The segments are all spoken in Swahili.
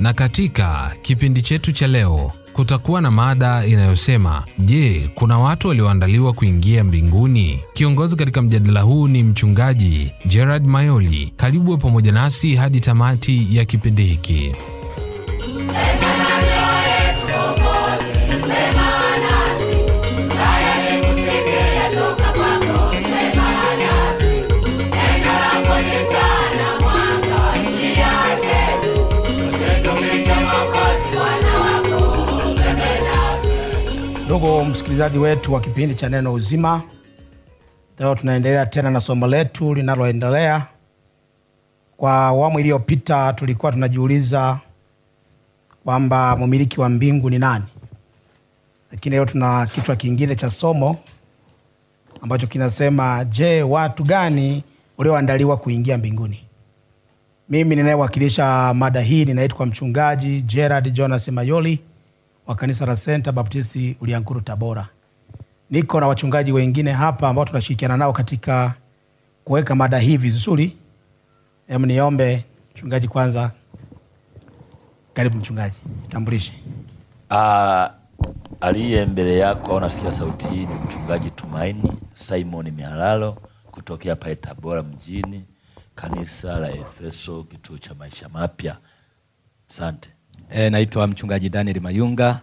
Na katika kipindi chetu cha leo kutakuwa na mada inayosema je, kuna watu walioandaliwa kuingia mbinguni? Kiongozi katika mjadala huu ni mchungaji Gerard Mayoli. Karibu pamoja nasi hadi tamati ya kipindi hiki. Ndugu msikilizaji wetu wa kipindi cha Neno Uzima, leo tunaendelea tena na somo letu linaloendelea. Kwa awamu iliyopita, tulikuwa tunajiuliza kwamba mumiliki wa mbingu ni nani, lakini leo tuna kichwa kingine cha somo ambacho kinasema, je, watu gani walioandaliwa kuingia mbinguni? Mimi ninayewakilisha mada hii ninaitwa Mchungaji Gerard Jonas Mayoli wa kanisa la Senta Baptisti Uliankuru, Tabora. Niko na wachungaji wengine hapa ambao tunashirikiana nao katika kuweka mada hii vizuri. Em, niombe mchungaji kwanza. Karibu mchungaji, tambulishe. Ah, aliye mbele yako au nasikia sauti hii ni mchungaji Tumaini Simon Mihalalo kutokea pale Tabora mjini, kanisa la Efeso, kituo cha maisha mapya. Asante. E, naitwa mchungaji Daniel Mayunga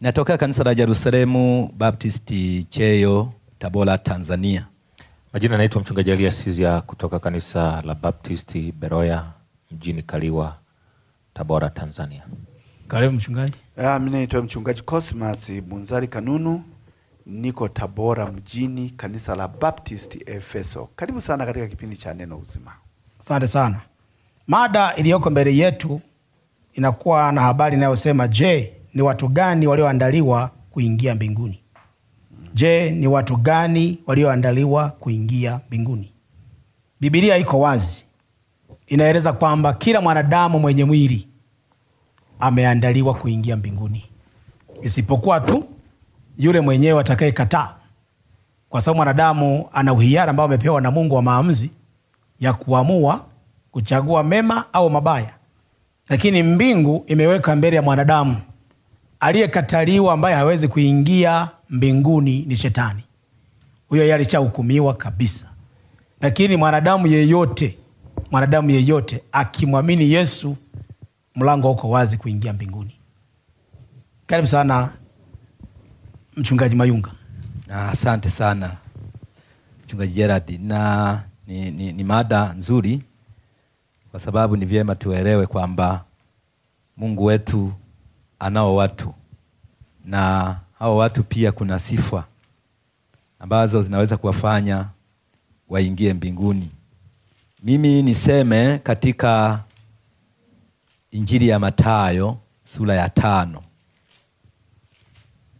natoka kanisa la Jerusalemu Baptisti Cheyo, Tabora, Tanzania. Majina naitwa mchungaji Elias Sizia kutoka kanisa la Baptisti Beroya mjini Kaliwa, Tabora, Tanzania. Karibu mchungaji. Ah, mimi naitwa mchungaji Cosmas Bunzali Kanunu niko Tabora mjini kanisa la Baptisti Efeso. Karibu sana katika kipindi cha Neno Uzima. Asante sana. Mada iliyoko mbele yetu inakuwa na habari inayosema je, ni watu gani walioandaliwa kuingia mbinguni? Je, ni watu gani walioandaliwa kuingia mbinguni? Bibilia iko wazi, inaeleza kwamba kila mwanadamu mwenye mwili ameandaliwa kuingia mbinguni, isipokuwa tu yule mwenyewe atakayekataa, kwa sababu mwanadamu ana uhiara ambao amepewa na Mungu wa maamuzi ya kuamua kuchagua mema au mabaya lakini mbingu imeweka mbele ya mwanadamu. Aliyekataliwa ambaye hawezi kuingia mbinguni ni Shetani. Huyo yeye alishahukumiwa kabisa, lakini mwanadamu yeyote, mwanadamu yeyote akimwamini Yesu, mlango uko wazi kuingia mbinguni. Karibu sana Mchungaji Mayunga. Ah, asante sana Mchungaji Gerard, na ni, ni, ni mada nzuri kwa sababu ni vyema tuelewe kwamba Mungu wetu anao watu na hao watu pia kuna sifa ambazo zinaweza kuwafanya waingie mbinguni. Mimi niseme katika Injili ya Mathayo sura ya tano,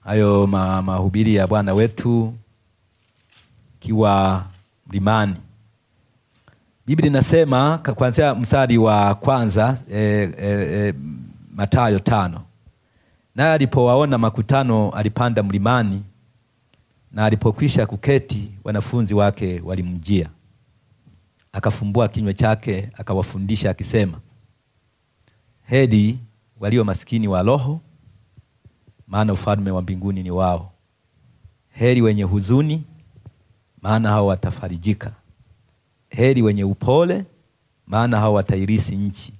hayo mahubiri ya Bwana wetu kiwa mlimani Biblia inasema kuanzia mstari wa kwanza e, e, e, Mathayo tano, naye alipowaona makutano alipanda mlimani, na alipokwisha kuketi, wanafunzi wake walimjia, akafumbua kinywa chake akawafundisha akisema, heri walio maskini wa roho, maana ufalme wa mbinguni ni wao. Heri wenye huzuni, maana hao watafarijika Heri wenye upole, maana hao watairisi nchi.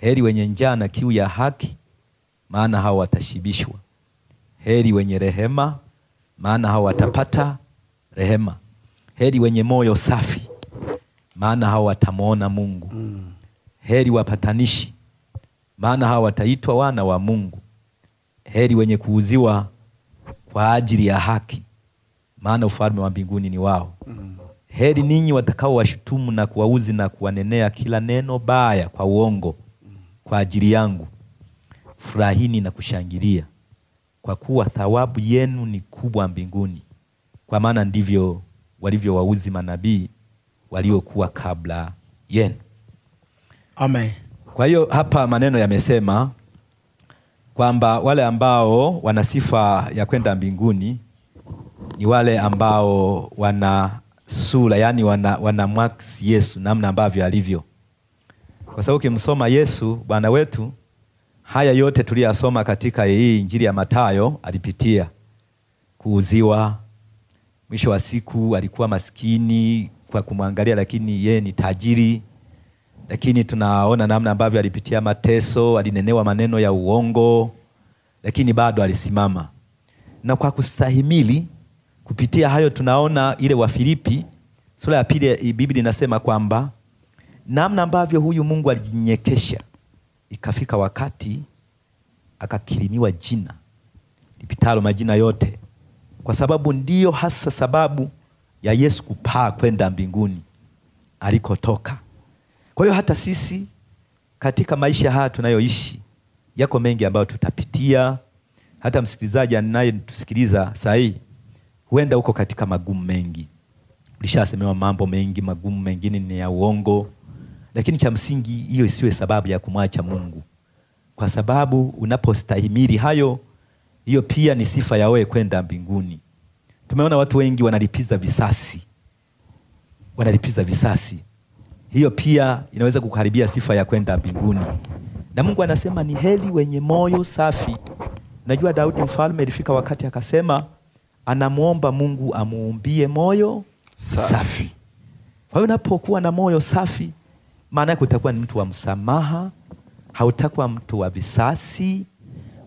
Heri wenye njaa na kiu ya haki, maana hao watashibishwa. Heri wenye rehema, maana hao watapata rehema. Heri wenye moyo safi, maana hao watamwona Mungu. Heri wapatanishi, maana hao wataitwa wana wa Mungu. Heri wenye kuuziwa kwa ajili ya haki, maana ufalme wa mbinguni ni wao. Heri ninyi watakao washutumu na kuwauzi na kuwanenea kila neno baya kwa uongo kwa ajili yangu, furahini na kushangilia, kwa kuwa thawabu yenu ni kubwa mbinguni, kwa maana ndivyo walivyowauzi manabii waliokuwa kabla yenu. Amen. Kwa hiyo hapa maneno yamesema kwamba wale ambao wana sifa ya kwenda mbinguni ni wale ambao wana sura, yani wana, wana max Yesu namna ambavyo alivyo, kwa sababu ukimsoma Yesu Bwana wetu haya yote tuliyasoma katika hii Injili ya Mathayo alipitia kuuziwa, mwisho wa siku alikuwa maskini kwa kumwangalia, lakini yeye ni tajiri. Lakini tunaona namna ambavyo alipitia mateso, alinenewa maneno ya uongo, lakini bado alisimama na kwa kustahimili Kupitia hayo tunaona ile Wafilipi sura ya pili, Biblia inasema kwamba namna ambavyo huyu Mungu alijinyekesha, ikafika wakati akakirimiwa jina lipitalo majina yote, kwa sababu ndiyo hasa sababu ya Yesu kupaa kwenda mbinguni alikotoka. Kwa hiyo hata sisi katika maisha haya tunayoishi yako mengi ambayo tutapitia. Hata msikilizaji anayetusikiliza sahii huenda uko katika magumu mengi, ulishasemewa mambo mengi magumu, mengine ni ya uongo, lakini cha msingi hiyo isiwe sababu ya kumwacha Mungu, kwa sababu unapostahimili hayo, hiyo pia ni sifa ya wewe kwenda mbinguni. Tumeona watu wengi wanalipiza visasi, wanalipiza visasi, hiyo pia inaweza kukaribia sifa ya kwenda mbinguni. Na Mungu anasema ni heri wenye moyo safi. Najua Daudi mfalme ilifika wakati akasema anamwomba Mungu amuumbie moyo safi, safi. Kwa hiyo unapokuwa na moyo safi, maana yake utakuwa ni mtu wa msamaha, hautakuwa mtu wa visasi.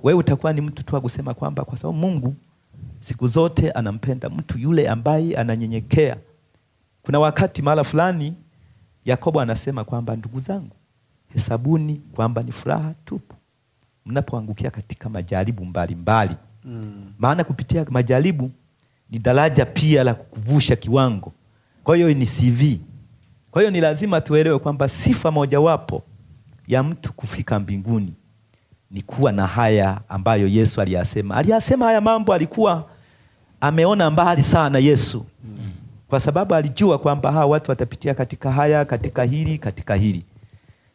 Wewe utakuwa ni mtu tu wa kusema kwamba kwa sababu Mungu siku zote anampenda mtu yule ambaye ananyenyekea. Kuna wakati mahala fulani Yakobo anasema kwamba ndugu zangu, hesabuni kwamba ni furaha tupu mnapoangukia katika majaribu mbalimbali mbali mm. maana kupitia majaribu ni daraja pia la kuvusha kiwango. Kwa hiyo ni CV. Kwa hiyo ni lazima tuelewe kwamba sifa mojawapo ya mtu kufika mbinguni ni kuwa na haya ambayo Yesu aliyasema. Aliyasema haya mambo, alikuwa ameona mbali sana Yesu, kwa sababu alijua kwamba hawa watu watapitia katika haya, katika hili, katika hili.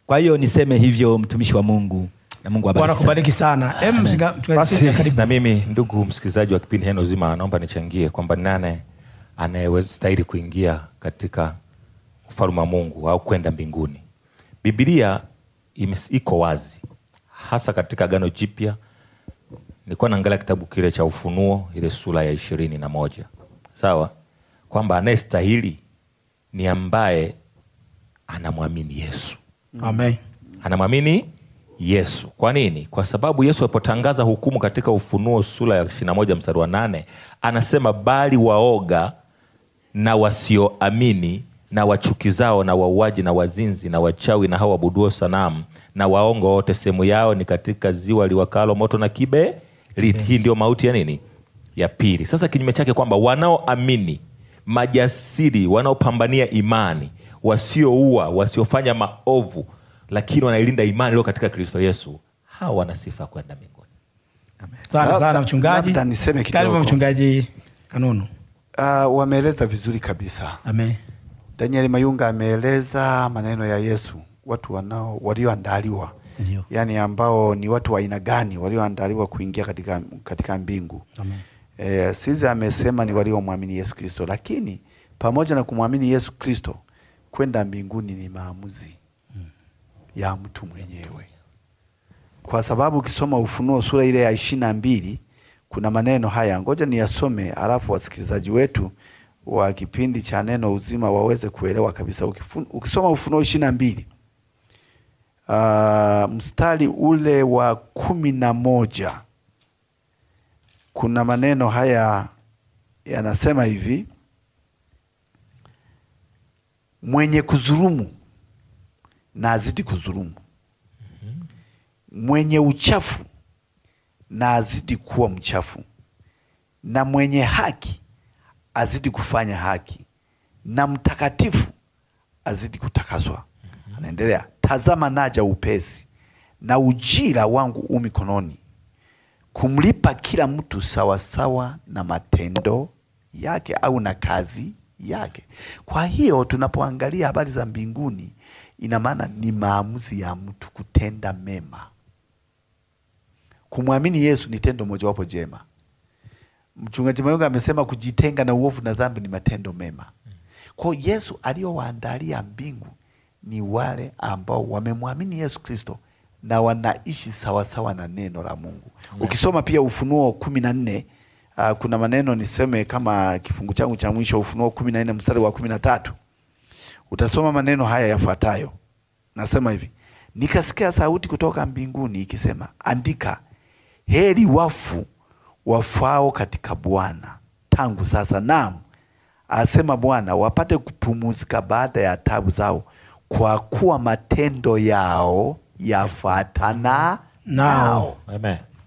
Kwa hiyo niseme hivyo, mtumishi wa Mungu, na Mungu awabariki sana. na mimi ndugu msikilizaji wa kipindi Neno Uzima, naomba nichangie kwamba nane anayestahili kuingia katika ufalme wa Mungu au kwenda mbinguni. Biblia iko wazi hasa katika Agano Jipya. Nilikuwa naangalia kitabu kile cha Ufunuo, ile sura ya ishirini na moja, sawa, kwamba anayestahili ni ambaye anamwamini Yesu. Amen. Anamwamini Yesu. Kwa nini? Kwa sababu Yesu alipotangaza hukumu katika Ufunuo sura ya moja mstari wa nane anasema, bali waoga na wasioamini na wachukizao na wauaji na wazinzi na wachawi na hao wabuduo sanamu na waongo wote, sehemu yao ni katika ziwa liwakalo moto na kibe lit Hii ndio mauti ya nini? Ya pili. Sasa kinyume chake kwamba wanaoamini, majasiri, wanaopambania imani, wasioua, wasiofanya maovu lakini wanailinda imani iliyo katika Kristo Yesu, hawa wana sifa kwenda mbinguni. Sana sana mchungaji, niseme kidogo. Mchungaji Kanunu, uh, wameeleza vizuri kabisa. Amen. Daniel Mayunga ameeleza maneno ya Yesu, watu wanao walioandaliwa Yani ambao ni watu wa aina gani walioandaliwa kuingia katika, katika mbingu Amen. E, eh, sisi amesema ni waliomwamini Yesu Kristo, lakini pamoja na kumwamini Yesu Kristo kwenda mbinguni ni maamuzi ya mtu mwenyewe, kwa sababu ukisoma Ufunuo sura ile ya ishirini na mbili kuna maneno haya, ngoja niyasome, alafu wasikilizaji wetu wa kipindi cha Neno Uzima waweze kuelewa kabisa. Ukisoma Ufunuo ishirini na mbili uh, mstari ule wa kumi na moja kuna maneno haya yanasema hivi: mwenye kuzurumu na azidi kudhulumu, mwenye uchafu na azidi kuwa mchafu, na mwenye haki azidi kufanya haki, na mtakatifu azidi kutakaswa. Anaendelea, tazama naja upesi, na ujira wangu u mikononi, kumlipa kila mtu sawasawa na matendo yake au na kazi yake. Kwa hiyo tunapoangalia habari za mbinguni ina maana ni maamuzi ya mtu kutenda mema. Kumwamini Yesu ni tendo mojawapo jema. Mchungaji Mayunga amesema kujitenga na uovu na dhambi ni matendo mema. Kwa Yesu aliyowaandalia mbingu ni wale ambao wamemwamini Yesu Kristo na wanaishi sawasawa na neno la Mungu. Amen. Ukisoma pia Ufunuo kumi na nne uh, kuna maneno niseme kama kifungu changu cha mwisho, Ufunuo kumi na nne mstari wa kumi na tatu utasoma maneno haya yafuatayo. Nasema hivi, nikasikia sauti kutoka mbinguni ikisema, andika, heri wafu wafao katika Bwana tangu sasa, naam asema Bwana, wapate kupumuzika baada ya tabu zao, kwa kuwa matendo yao yafuatana nao.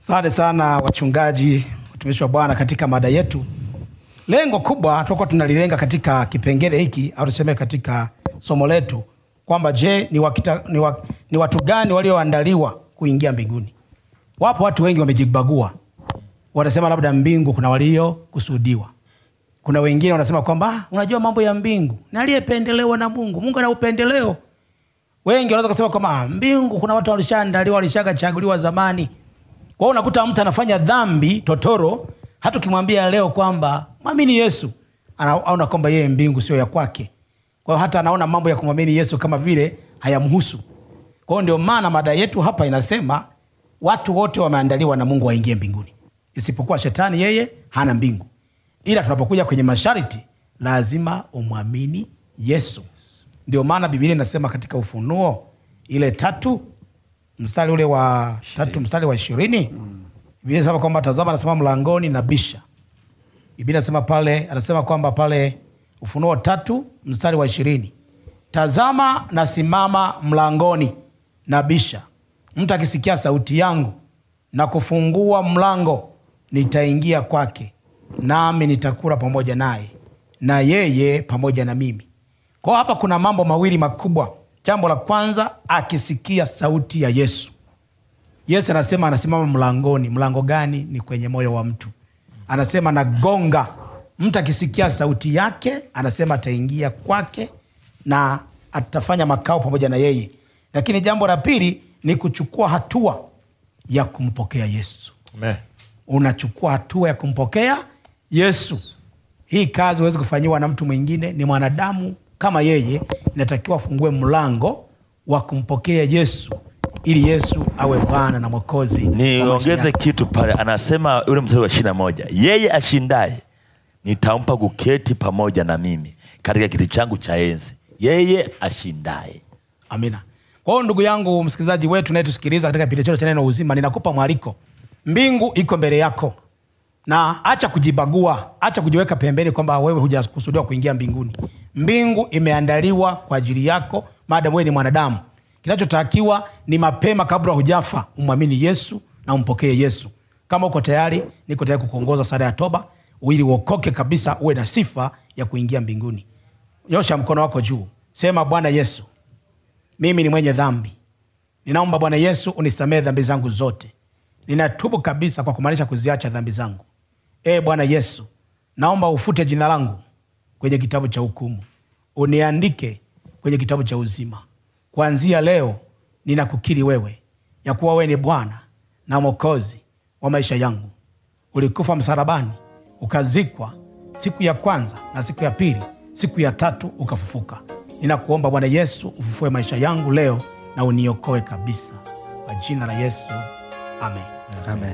Asante sana wachungaji, watumishi wa Bwana katika mada yetu Lengo kubwa tuko tunalilenga katika kipengele hiki au tuseme katika somo letu kwamba je, ni, wakita, ni, wa, ni watu gani walioandaliwa kuingia mbinguni? Wapo watu wengi wamejibagua, wanasema labda mbingu kuna waliokusudiwa, kuna wengine wanasema kwamba ah, unajua mambo ya mbingu naliyependelewa na Mungu. Mungu ana upendeleo. Wengi wanaweza kusema kwamba ah, mbingu kuna watu walishaandaliwa, walishagachaguliwa zamani. kwao unakuta mtu anafanya dhambi totoro hata ukimwambia leo kwamba mwamini Yesu, anaona kwamba yeye mbingu sio ya kwake. Kwa hiyo hata anaona mambo ya kumwamini Yesu kama vile hayamhusu. Kwa hiyo ndio maana mada yetu hapa inasema watu wote wameandaliwa na Mungu waingie mbinguni, isipokuwa shetani, yeye hana mbingu. Ila tunapokuja kwenye masharti, lazima umwamini Yesu. Ndio maana Biblia inasema katika Ufunuo ile tatu mstari ule wa tatu mstari wa ishirini mm. Biblia inasema kwamba tazama, anasema mlangoni bisha. Biblia anasema pale, anasema kwamba pale Ufunuo tatu mstari wa ishirini, tazama nasimama mlangoni na bisha mtu akisikia sauti yangu na kufungua mlango, nitaingia kwake, nami nitakula pamoja naye na yeye pamoja na mimi. kwao hapa kuna mambo mawili makubwa. Jambo la kwanza, akisikia sauti ya Yesu Yesu anasema anasimama mlangoni. Mlango gani? Ni kwenye moyo wa mtu. Anasema nagonga, mtu akisikia sauti yake, anasema ataingia kwake na atafanya makao pamoja na yeye. Lakini jambo la pili ni kuchukua hatua ya kumpokea Yesu. Amen. Unachukua hatua ya kumpokea Yesu. Hii kazi huwezi kufanyiwa na mtu mwingine, ni mwanadamu kama yeye, inatakiwa afungue mlango wa kumpokea Yesu ili Yesu awe Bwana na Mwokozi. Niongeze kitu pale, anasema yule mstari wa ishirini na moja yeye ashindaye nitampa kuketi pamoja na mimi katika kiti changu cha enzi, yeye ashindaye. Amina. Kwa hiyo ndugu yangu msikilizaji wetu nayetusikiliza katika kipindi chote cha neno uzima, ninakupa mwaliko. Mbingu iko mbele yako, na acha kujibagua, acha kujiweka pembeni kwamba wewe hujakusudiwa kuingia mbinguni. Mbingu imeandaliwa kwa ajili yako maadamu wewe ni mwanadamu. Kinachotakiwa ni mapema, kabla hujafa, umwamini Yesu na umpokee Yesu. Kama uko tayari, niko tayari kukuongoza sala ya toba ili uokoke kabisa, uwe na sifa ya kuingia mbinguni. Nyosha mkono wako juu, sema: Bwana Yesu, mimi ni mwenye dhambi, ninaomba Bwana Yesu unisamehe dhambi zangu zote, ninatubu kabisa kwa kumaanisha kuziacha dhambi zangu. E Bwana Yesu, naomba ufute jina langu kwenye kitabu cha hukumu, uniandike kwenye kitabu cha uzima kuanzia leo ninakukiri wewe ya kuwa wewe ni Bwana na Mwokozi wa maisha yangu. Ulikufa msalabani, ukazikwa siku ya kwanza na siku ya pili, siku ya tatu ukafufuka. Ninakuomba Bwana Yesu, ufufue maisha yangu leo na uniokoe kabisa, kwa jina la Yesu, amen, amen.